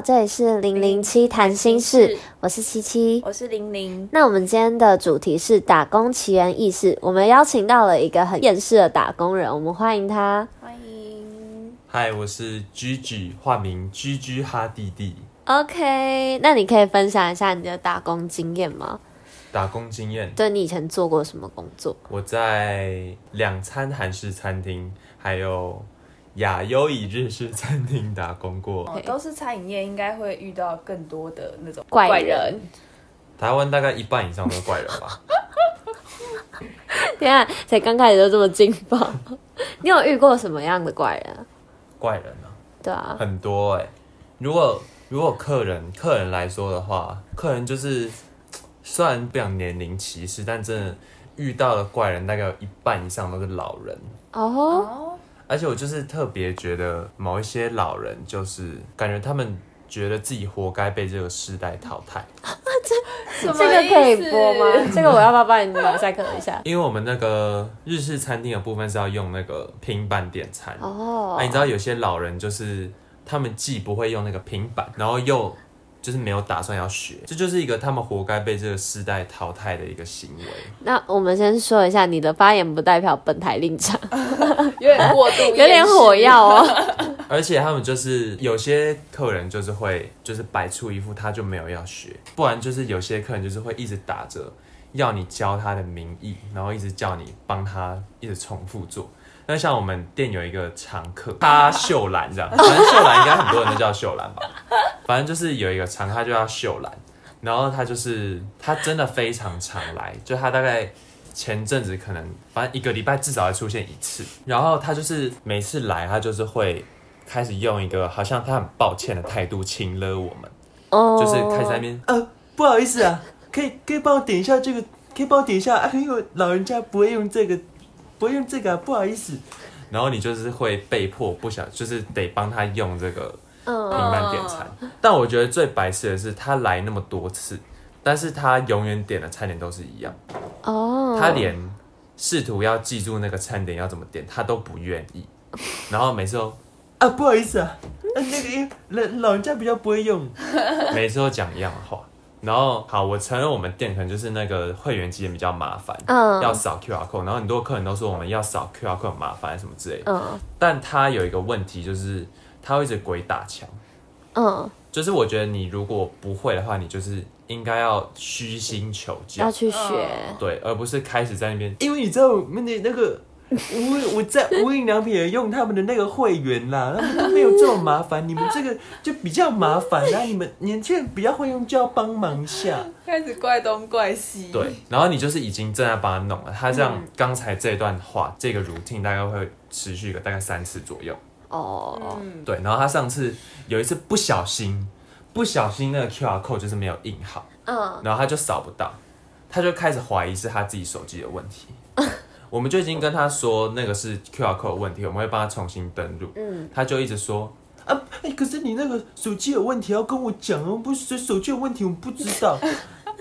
這裡是 007, 零零七談心事，我是七七，我是零零。那我們今天的主題是打工奇人異事，我們邀請到了一個很厭世的打工人，我們歡迎他。歡迎，嗨，我是 Gigi，化名 Gigi 哈弟弟。OK，那你可以分享一下你的打工經驗嗎？打工經驗？對你以前做過什麼工作？我在兩餐韓式餐廳，還有。雅優以日式餐廳打工過，哦、都是餐飲業，應該會遇到更多的那種怪人。台灣大概一半以上都是怪人吧？ 天啊，才剛開始都這麼勁爆！你有遇過什麼樣的怪人？怪人啊，對啊，很多哎、欸。如果如果客人客人來說的話，客人就是雖然不講年齡歧視，但真的遇到的怪人大概有一半以上都是老人哦。Oh? 而且我就是特別覺得某一些老人，就是感覺他們覺得自己活該被這個時代淘汰。什麼意思啊？這這個可以播嗎？這個我要不要幫你馬克一下？因為我們那個日式餐廳的部分是要用那個平板點餐哦。Oh. 啊、你知道有些老人就是他們既不會用那個平板，然後又。就是沒有打算要學，這就是一個他們活該被這個時代淘汰的一個行為。那我們先說一下，你的發言不代表本台立場， 有點過度， 有點火藥啊、哦。而且他們就是有些客人就是會，就是擺出一副他就沒有要學，不然就是有些客人就是會一直打着要你教他的名義，然後一直叫你幫他一直重複做。那像我們店有一個常客，他秀蘭這樣，反正秀蘭應該很多人都叫秀蘭吧，反正就是有一個常客就叫秀蘭，然後他就是他真的非常常來，就他大概前陣子可能反正一個禮拜至少會出現一次，然後他就是每次來他就是會開始用一個好像他很抱歉的態度情勒我們，就是開始在那邊呃、不好意思啊，可以可以幫我點一下這個，可以幫我點一下，啊，因為老人家不會用這個。不用這個、啊，不好意思。然後你就是會被迫不想，就是得幫他用這個平板點餐。Oh. 但我覺得最白痴的是，他來那麼多次，但是他永遠點的餐點都是一樣。哦、oh。他連試圖要記住那個餐點要怎麼點，他都不願意。然後每次都， 啊，不好意思啊，啊那個老老人家比較不會用， 每次都講一樣的話。然後好，我承認我們店可能就是那個會員期間比較麻煩，嗯，要掃 Q R code，然後很多客人都說我們要掃 Q R code 很麻煩、啊、什麼之類的，嗯，但他有一個問題就是他會一直鬼打牆，嗯，就是我覺得你如果不會的話，你就是應該要虛心求教，要去學、嗯，對，而不是開始在那邊，因為你知道那那個。我 我在無印良品也用他們的那個會員啦，他們都沒有這麼麻煩，你們這個就比較麻煩啦。你們年輕人比較會用，就要幫忙一下。開始怪東怪西。對，然後你就是已經正在幫他弄了。他這樣剛才這段話，嗯，這個 routine 大概會持續個大概三次左右。哦哦哦。對，然後他上次有一次不小心，不小心那個 QR code 就是沒有印好，嗯，哦，然後他就掃不到，他就開始懷疑是他自己手機的問題。嗯我們就已經跟他說那個是 QR code 問題，我們會幫他重新登錄。嗯，他就一直說啊、欸，可是你那個手機有問題，要跟我講哦、啊，不是手機有問題，我們不知道。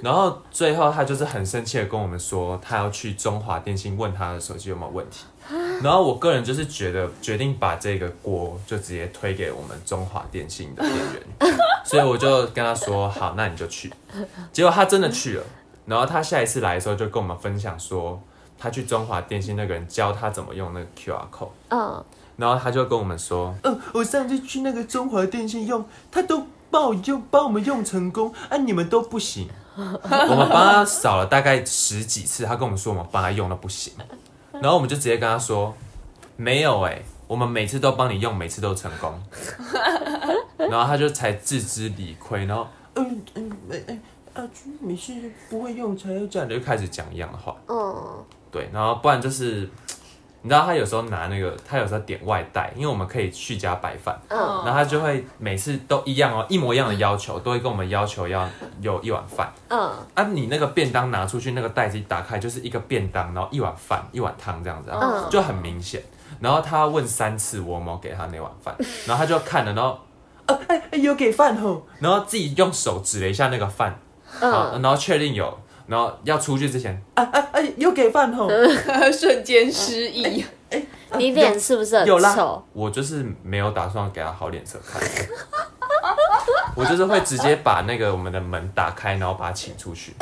然後最後他就是很生氣的跟我們說，他要去中華電信問他的手機有沒有問題。然後我個人就是覺得決定把這個鍋就直接推給我們中華電信的店員 所以我就跟他說好，那你就去。結果他真的去了，然後他下一次來的時候就跟我們分享說。他去中華電信，那個人教他怎麼用那個 QR Code，嗯，然後他就跟我們說，嗯，我上次去那個中華電信用，他都幫我用，幫我們用成功，啊，你們都不行， 我們幫他掃了大概十幾次，他跟我們說我們幫他用都不行，然後我們就直接跟他說沒有哎、欸，我們每次都幫你用，每次都成功， 然後他就才自知理虧，然後嗯嗯哎哎阿軍沒事不會用才又這樣，又開始講一樣的話，嗯。對，然後不然就是，你知道他有時候拿那個，他有時候點外帶，因為我們可以續加白飯，oh. 然後他就會每次都一樣哦，一模一樣的要求，嗯、都會跟我們要求要有一碗飯，嗯、oh.，啊，你那個便當拿出去那個袋子一打開就是一個便當，然後一碗飯一碗湯這樣子，嗯，就很明顯，然後他問三次我有沒有給他那碗飯，然後他就看了，然後，呃、啊哎，哎，有給飯哦，然後自己用手指了一下那個飯，啊、oh.，然後確定有。然後要出去之前，啊啊啊！又給飯桶，哦， 瞬間失憶。哎、啊欸欸啊，你臉是不是很臭？有、有啦，我就是沒有打算給他好臉色看。 我就是會直接把那個我們的門打開，然後把他請出去。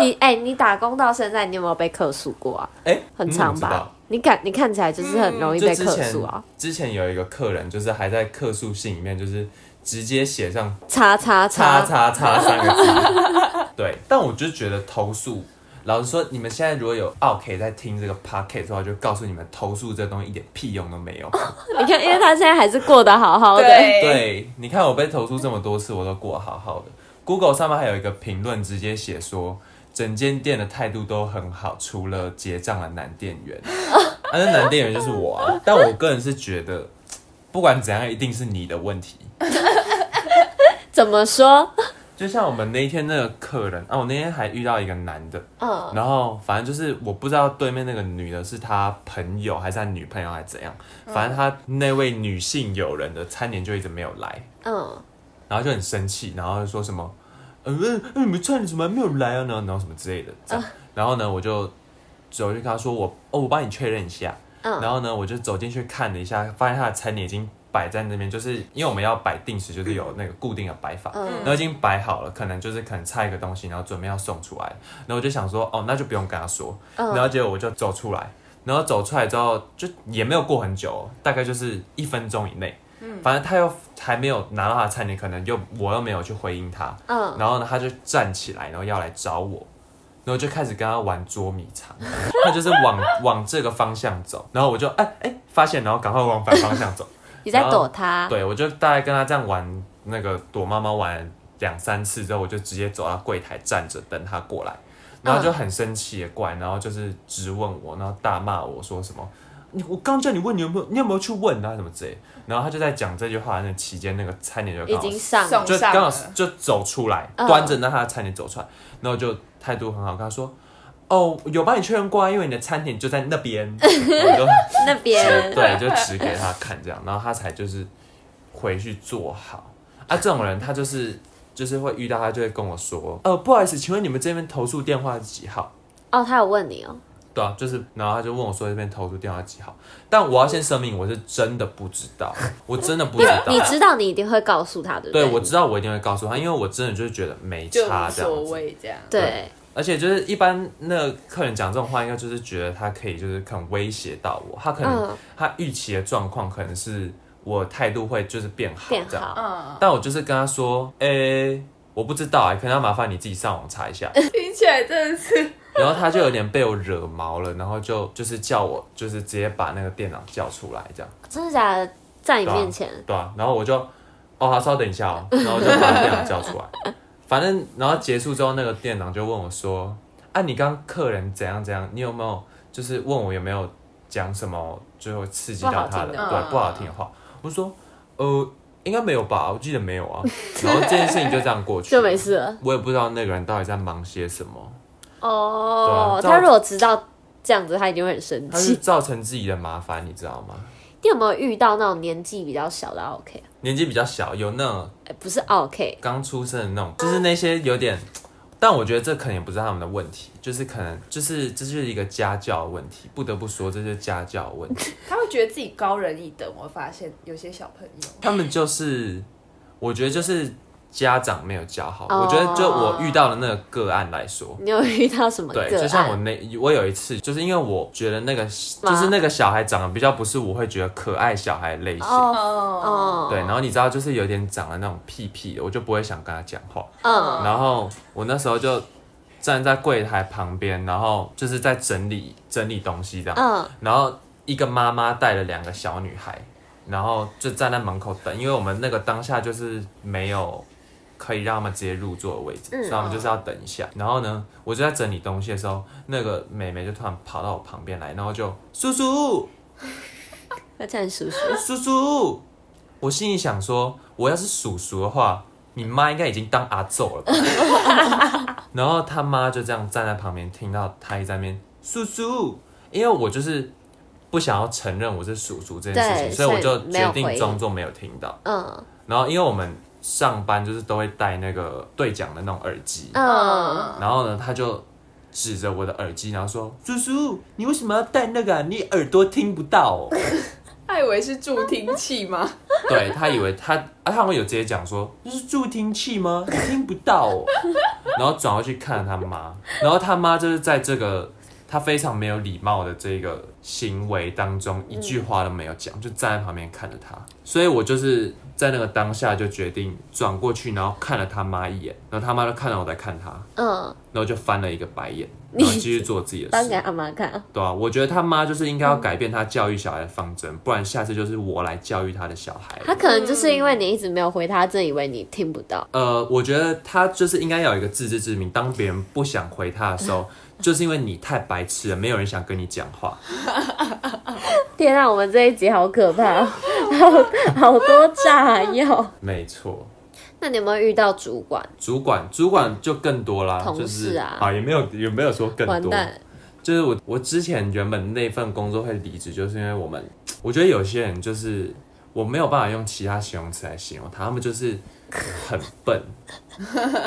你哎、欸，你打工到現在，你有沒有被客訴過啊？哎、欸，很長吧？嗯嗯、你看，你看起來就是很容易被客訴啊之。之前有一個客人，就是還在客訴信裡面，就是。直接寫上叉叉叉，叉叉叉叉叉三個字， 對。但我就覺得投訴，老實說，你們現在如果有奧客在聽這個 podcast 的話，就告訴你們，投訴這東西一點屁用都沒有，哦。你看，因為他現在還是過得好好的。對，對你看我被投訴這麼多次，我都過得好好的。Google 上面還有一個評論，直接寫說，整間店的態度都很好，除了結賬的男店員，哦、啊，那男店員就是我啊。但我個人是覺得，不管怎樣，一定是你的問題。怎麼說？就像我們那一天那個客人啊，我那天還遇到一個男的，嗯、oh.，然後反正就是我不知道對面那個女的是他朋友還是他女朋友還是怎樣，oh. 反正他那位女性友人的餐點就一直沒有來，嗯、oh.，然後就很生氣，然後就說什麼，嗯，欸欸、你們菜怎麼還沒有來啊？呢，然後什麼之類的，這樣，oh. 然後呢，我就走去跟他說我，我哦，我幫你確認一下，oh. 然後呢，我就走進去看了一下，發現他的餐點已經。擺在那邊，就是因為我們要擺定時，就是有那個固定的擺法。嗯，然後已經擺好了，可能就是可能差一個東西，然後準備要送出來。然後我就想說，哦，那就不用跟他說。嗯、然後結果我就走出來，然後走出來之後，就也沒有過很久，大概就是一分鐘以內，嗯。反正他又還沒有拿到他的菜，你可能就我又沒有去回應他。嗯，然後呢，他就站起來，然後要來找我，然後就開始跟他玩捉迷藏。他就是往 往這個方向走，然後我就哎哎、欸欸、發現，然後趕快往反方向走。 你在躲他？對，我就大概跟他這樣玩那個躲貓貓玩兩三次之後，我就直接走到櫃台站着等他過來，然後就很生氣也怪，然後就是質問我，然後大罵我說什麼，你我剛叫你問你有沒有，你有沒有去問他什麼之類，然後他就在講這句話那期間，那個餐點就剛好，就剛好就走出來，端着那他的餐點走出來，嗯、然後就態度很好跟他說。哦，有幫你確認過啊，因為你的餐廳就在那邊， 我就那邊對，就指給他看這樣，然後他才就是回去做好啊。這種人他就是就是會遇到，他就會跟我說：“呃，不好意思，請問你們這邊投訴電話是幾號？”哦，他有問你哦？對啊，就是然後他就問我說：“這邊投訴電話幾號？”但我要先聲明，我是真的不知道，我真的不知道。 你知道，你一定會告訴他的。對，我知道，我一定會告訴他，因為我真的就是覺得沒差，所謂這樣、就是、這樣，對。呃而且就是一般那客人講這種話，應該就是覺得他可以就是很威脅到我，他可能他預期的狀況可能是我態度會就是變好，變好。但我就是跟他說，誒、欸，我不知道哎、欸、可能要麻煩你自己上網查一下。聽起來真的是。然後他就有點被我惹毛了，然後就就是叫我就是直接把那個電腦叫出來，這樣。真的假的？在你面前。對啊。然後我就，哦，好，稍等一下哦、喔，然後就把電腦叫出來。反正，然後結束之後，那個店長就問我說：“啊，你剛客人怎樣怎樣？你有沒有就是問我有沒有講什麼最後刺激到他的了？對，不好聽的話。哦”我說：“呃，應該沒有吧，我記得沒有啊。 ”然後這件事情就這樣過去了， 就沒事了。我也不知道那個人到底在忙些什麼。哦，他如果知道這樣子，他一定會很生氣，他是造成自己的麻煩，你知道嗎？你有沒有遇到那種年紀比較小的 OK 啊？年紀比較小，有那種，哎，不是二 K，剛出生的那種、okay，就是那些有點，但我覺得這可能也不是他們的問題，就是可能就是這就是一個家教問題，不得不說這是家教問題。 他會覺得自己高人一等，我發現有些小朋友，他們就是，我覺得就是。家長沒有教好，oh. 我覺得就我遇到的那個個案來說，你有遇到什麼？對，就像我那我有一次，就是因為我覺得那個、啊，就是那個小孩長得比較不是我會覺得可愛小孩類型，哦、oh. oh.，對，然後你知道就是有點長得那種屁屁的，我就不會想跟他講話。嗯、oh.，然後我那時候就站在櫃檯旁邊，然後就是在整理整理東西這樣。嗯、oh.，然後一個媽媽帶了兩個小女孩，然後就站在門口等，因為我們那個當下就是沒有。可以讓他們直接入座的位置，嗯、所以我們就是要等一下、嗯。然後呢，我就在整理東西的時候，那個妹妹就突然跑到我旁邊來，然後就叔叔，要喊叔叔，叔叔。我心裡想說，我要是叔叔的話，你媽應該已經當阿祖了吧。 然後他媽就這樣站在旁邊，聽到他一直在那邊叔叔，因為我就是不想要承認我是叔叔這件事情，所以，所以我就決定裝作沒有聽到、嗯。然後因為我們。上班就是都會戴那個對講的那種耳機，嗯、uh.，然後呢，他就指着我的耳機，然後說：“叔叔，你為什麼要戴那個、啊？你耳朵聽不到、哦。 ”他以為是助聽器嗎？對，他以為他，啊，他有直接講說：“ 這是助聽器嗎？聽不到、哦。 ”然後轉過去看他媽，然後他媽就是在這個他非常沒有禮貌的這個行為當中，一句話都沒有講，嗯、就站在旁邊看着他。所以我就是。在那個當下就決定轉過去，然後看了他媽一眼，然後他媽就看到我在看他，嗯，然後就翻了一個白眼，然後繼續做自己的事。當給阿媽看啊？對啊，我覺得他媽就是應該要改變他教育小孩的方針，嗯，不然下次就是我來教育他的小孩。他可能就是因為你一直沒有回他，真以為你聽不到。呃，我覺得他就是應該要有一個自知之明，當別人不想回他的時候。 就是因為你太白痴了，沒有人想跟你講話。 天啊，我們這一集好可怕，哦，好 好多炸藥。沒錯。那你有沒有遇到主管？主管，主管就更多啦。同事啊，就是，好也沒有，也沒有說更多？就是我，我之前原本那份工作會離職，就是因為我們，我覺得有些人就是我沒有辦法用其他形容詞來形容他，他們就是很笨，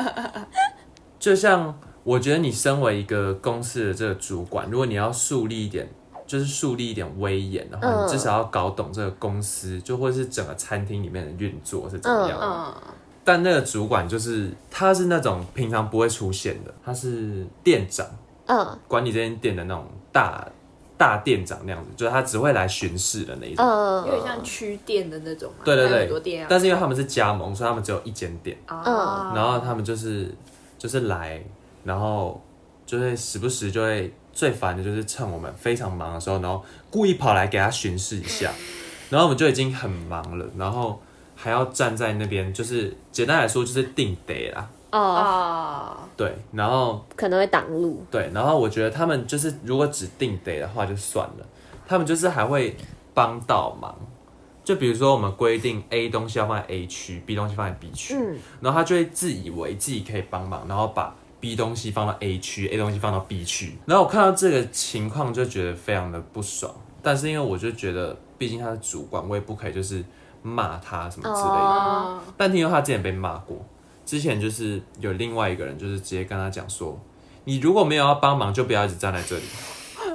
就像。我覺得你身為一個公司的這個主管，如果你要樹立一點，就是樹立一點威嚴的話，然後，你至少要搞懂這個公司，就或是整個餐廳裡面的運作是怎麼樣。嗯，嗯，但那個主管就是他是那種平常不會出現的，他是店長，嗯，管理這間店的那種大大店長那樣子，就是他只會來巡視的那一種，有點像區店的那種。對對對，很多店啊，但是因為他們是加盟，所以他們只有一間店，嗯，然後他們就是就是來。然後就會時不時就會，最煩的就是趁我們非常忙的時候，然後故意跑來給他巡視一下，然後我們就已經很忙了，然後還要站在那邊，就是簡單來說就是定呆啦。哦，對，然後可能會擋路。對，然後我覺得他們就是如果只定呆的話就算了，他們就是還會幫倒忙，就比如說我們規定 A 東西要放在 A 區，B 東西放在 B 區，然後他就會自以為自己可以幫忙，然後把。B 東西放到 A 區，A 東西放到 B 區，然後我看到這個情況就覺得非常的不爽，但是因為我就覺得，畢竟他是主管，我也不可以就是罵他什麼之類的。Oh. 但聽說他之前被罵過，之前就是有另外一個人就是直接跟他講說，你如果沒有要幫忙，就不要一直站在這裡，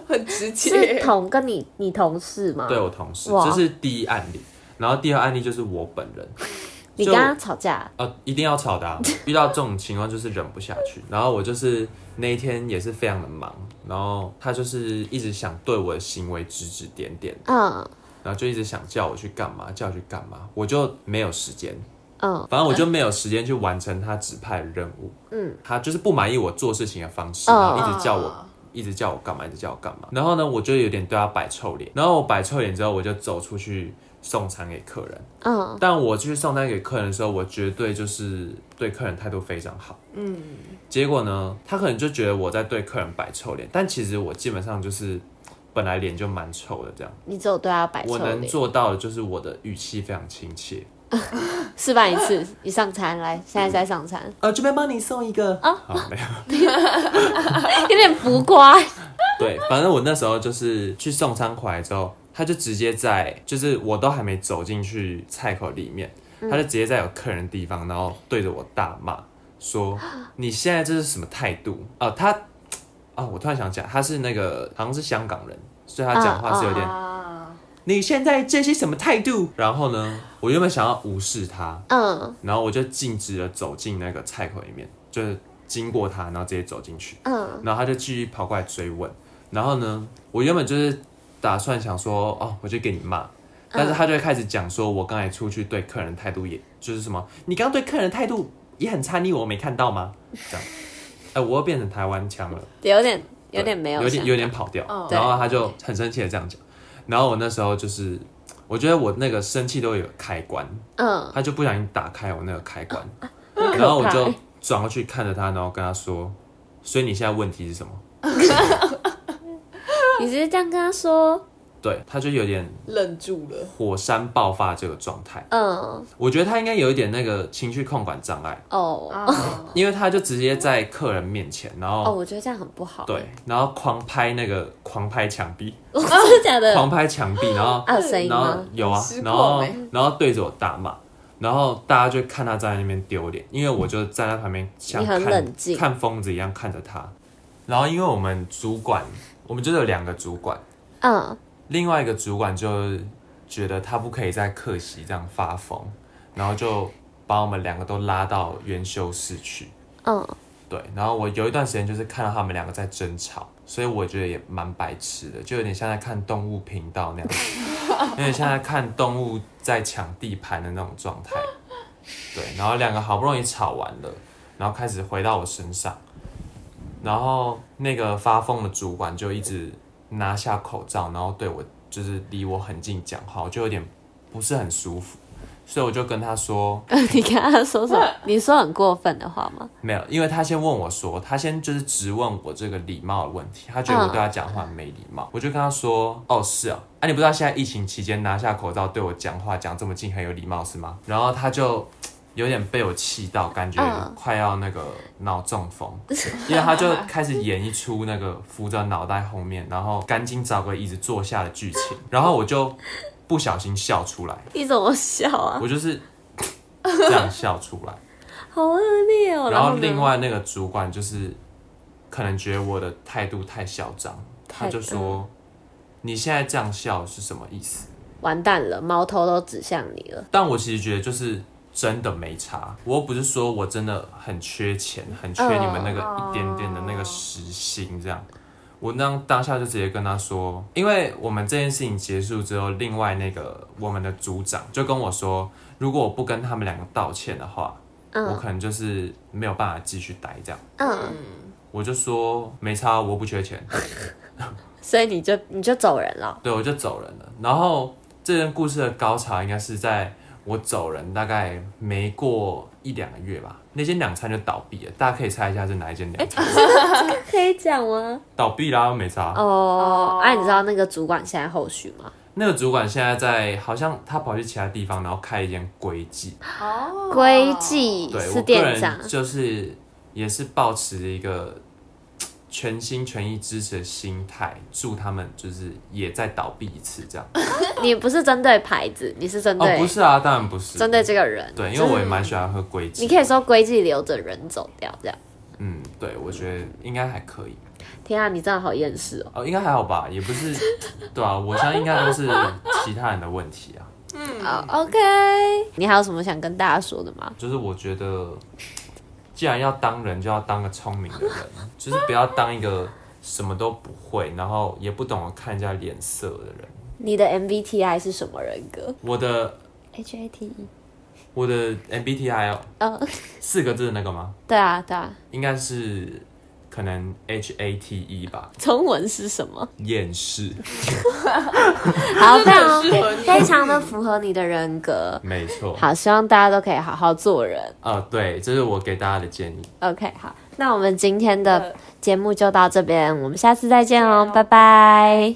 很直接。是同跟你你同事嗎？對，我同事，wow. 這是第一案例，然後第二案例就是我本人。你跟他吵架？呃、一定要吵的、啊。 遇到這種情況就是忍不下去。然後我就是那一天也是非常的忙，然後他就是一直想對我的行為指指點點。嗯、oh.。然後就一直想叫我去幹嘛，叫我去幹嘛，我就沒有時間。嗯、oh.。反正我就沒有時間去完成他指派的任務。嗯、oh.。他就是不滿意我做事情的方式，然後一直叫我，oh. 一直叫我幹嘛，一直叫我幹嘛。然後呢，我就有點對他擺臭臉。然後我擺臭臉之後，我就走出去。送餐給客人，嗯，但我去送餐給客人的時候，我絕對就是對客人態度非常好，嗯。結果呢，他可能就覺得我在對客人擺臭臉，但其實我基本上就是本來臉就蠻臭的這樣。你只有對他擺臭臉，我能做到的就是我的語氣非常親切。 示範一次，你上餐來，現在再上餐。啊、嗯 uh, 這邊幫你送一個啊，oh? 好，沒有， 有點浮誇。 對，反正我那時候就是去送餐回來之後。他就直接在，就是我都還沒走進去菜口裡面、嗯，他就直接在有客人的地方，然後對着我大罵說：“你現在這是什麼態度？”哦、啊，他，啊，我突然想起來，他是那個好像是香港人，所以他講話是有點。你現在這是什麼態度？然後呢，我原本想要無視他，嗯，然後我就徑直的走進那個菜口裡面，就是、經過他，然後直接走進去，嗯，然後他就繼續跑過來追問，然後呢，我原本就是。打算想說哦，我就給你罵，但是他就會開始講說，我剛才出去對客人態度也，也就是什麼，你剛剛對客人態度也很差，你我沒看到嗎？這樣，哎、欸，我又變成台灣腔了，有點有點沒有，有點有點跑掉、oh, 然，然後他就很生氣的這樣講，然後我那時候就是，我覺得我那個生氣都有開關，嗯、oh.，他就不小心打開我那個開關，oh. 然後我就轉過去看着他，然後跟他說，所以你現在問題是什麼？ 你直接這樣跟他說，對，他就有點愣住了，火山爆發這個狀態。嗯，我覺得他應該有一點那個情緒控管障礙哦、嗯，因為他就直接在客人面前，然後哦，我覺得這樣很不好、欸。對，然後狂拍那個狂拍牆壁，我剛剛講的？ 狂拍牆壁，然後啊，聲音嗎？然後有啊，然後然後對着我大罵，然後大家就看他站在那邊丟臉，因為我就站在旁邊，像你很冷靜，看瘋子一樣看着他。然後因為我們主管。我們就有兩個主管，嗯，另外一個主管就覺得他不可以在客席這樣發瘋，然後就把我們兩個都拉到員休室去，嗯，對。然後我有一段時間就是看到他們兩個在爭吵，所以我覺得也蠻白痴的，就有點像在看動物頻道那樣， 有點像在看動物在搶地盤的那種狀態，對。然後兩個好不容易吵完了，然後開始回到我身上。然後那個發瘋的主管就一直拿下口罩，然後對我就是離我很近講話，我就有點不是很舒服，所以我就跟他說：“ 你跟他說什麼？ 你說很過分的話嗎？”沒有，因為他先問我說，他先就是直問我這個禮貌的問題，他覺得我對他講話很沒禮貌，嗯，我就跟他說：“哦，是啊，啊你不知道現在疫情期間拿下口罩對我講話講這麼近很有禮貌是嗎？”然後他就。有點被我氣到，感覺快要那個腦中風、uh.，因為他就開始演一出那個扶着腦袋後面，然後趕緊找個椅子坐下的劇情，然後我就不小心笑出來。 你怎麼笑啊？我就是這樣笑出來， 好惡劣哦。然後另外那個主管就是可能覺得我的態度太囂張， 他就說：“你現在這樣笑是什麼意思？”完蛋了，矛頭都指向你了。但我其實覺得就是。真的沒差，我又不是說我真的很缺錢，很缺你們那個一點點的那個時薪這樣，呃。我當下就直接跟他說，因為我們這件事情結束之後，另外那個我們的組長就跟我說，如果我不跟他們兩個道歉的話，嗯，我可能就是沒有辦法繼續待這樣。嗯，我就說沒差，我不缺錢， 所以你就你就走人了。對，我就走人了。然後這件故事的高潮應該是在。我走人，大概沒過一兩個月吧，那間兩餐就倒閉了。大家可以猜一下是哪一間兩餐？ 可以講嗎？倒閉啦、啊，沒差。哦，哎，你知道那個主管現在後續嗎？那個主管現在在，好像他跑去其他地方，然後開一間歸記。哦、oh.，歸記，對，我個人就是也是抱持一個。全心全意支持的心態，祝他們就是也再倒閉一次這樣。 你不是針對牌子，你是針對？哦，不是啊，當然不是，針對這個人。對，因為我也蠻喜歡喝龜記。就是、你可以說龜記留着人走掉這樣。嗯，對，我覺得應該還可以。天啊，你真的好厭世哦。哦，應該還好吧，也不是，對啊，我相信應該都是其他人的問題啊。 嗯，好、oh，OK。你還有什麼想跟大家說的嗎？就是我覺得。既然要當人，就要當個聰明的人， 就是不要當一個什麼都不會，然後也不懂得看人家臉色的人。你的 MBTI 是什麼人格？我的 HITE，我的 MBTI 哦，嗯，四個字的那個嗎？ 對啊，對啊，應該是。可能 H A T E 吧，中文是什麼？厭世。 好，非常非常的符合你的人格， 沒錯。好，希望大家都可以好好做人。呃、哦，對，這是我給大家的建議。嗯、OK，好，那我們今天的節目就到這邊，呃，我們下次再見嘍，拜拜。